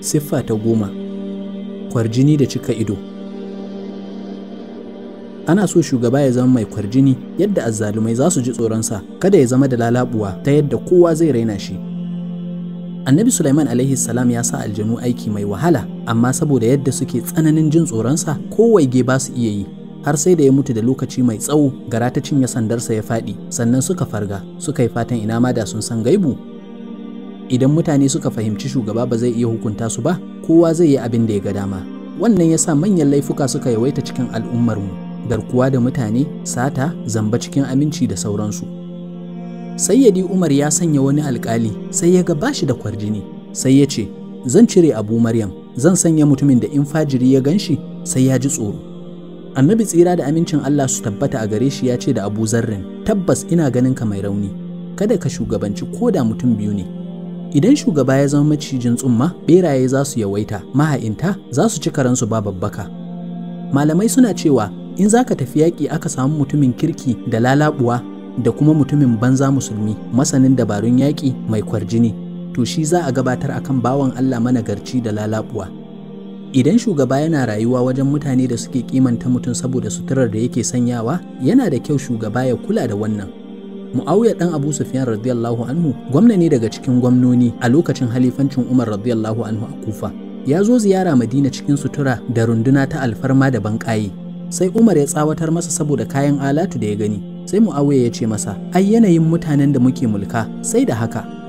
Siffa ta goma Kwarjini da cika ido Ana so shugaba ya zama mai kwarjini yadda azzalumai za su ji tsoronsa kada ya zama da lalabuwa ta yadda kowa zai raina shi. Annabi Sulaiman alaihi salam ya sa aljanu aiki mai wahala amma saboda yadda suke tsananin jin tsoronsa ge ba su iya yi har sai da ya mutu da lokaci mai tsawo gara ta cinye sandarsa ya faɗi sannan suka farga suka yi fatan ina ma da sun san gaibu idan mutane suka fahimci shugaba ba zai iya hukunta su ba kowa zai yi abin da ya ga dama wannan ya sa manyan laifuka suka yawaita cikin al'ummarmu garkuwa da mutane sata zamba cikin aminci da sauransu sayyadi umar ya sanya wani alkali sai ya ga bashi da kwarjini sai ya ce zan cire abu maryam zan sanya mutumin da in fajiri ya ganshi sai ya ji tsoro annabi tsira da amincin allah su tabbata a gare shi ya ce da abu zarrin tabbas ina ganin ka mai rauni kada ka shugabanci koda mutum biyu ne idan shugaba ya zama macijin tsumma beraye za su yawaita maha'inta za su ci karansu ba babbaka malamai suna cewa in za ka tafi yaƙi aka samu mutumin kirki da lalabuwa da kuma mutumin banza musulmi masanin dabarun yaƙi mai kwarjini to shi za a gabatar akan bawan Allah managarci da lalabuwa idan shugaba yana rayuwa wajen mutane da suke kimanta mutum saboda suturar da yake sanyawa yana da kyau shugaba ya kula da wannan Muawiya dan Abu Sufyan radiyallahu anhu gwamna ne daga cikin gwamnoni a lokacin halifancin Umar radiyallahu anhu a Kufa. Ya zo ziyara Madina cikin sutura da runduna ta alfarma da banƙaye. Sai Umar ya tsawatar masa saboda kayan alatu da ya gani. Sai Muawiya ya ce masa, "Ai yanayin mutanen da muke mulka, sai da haka."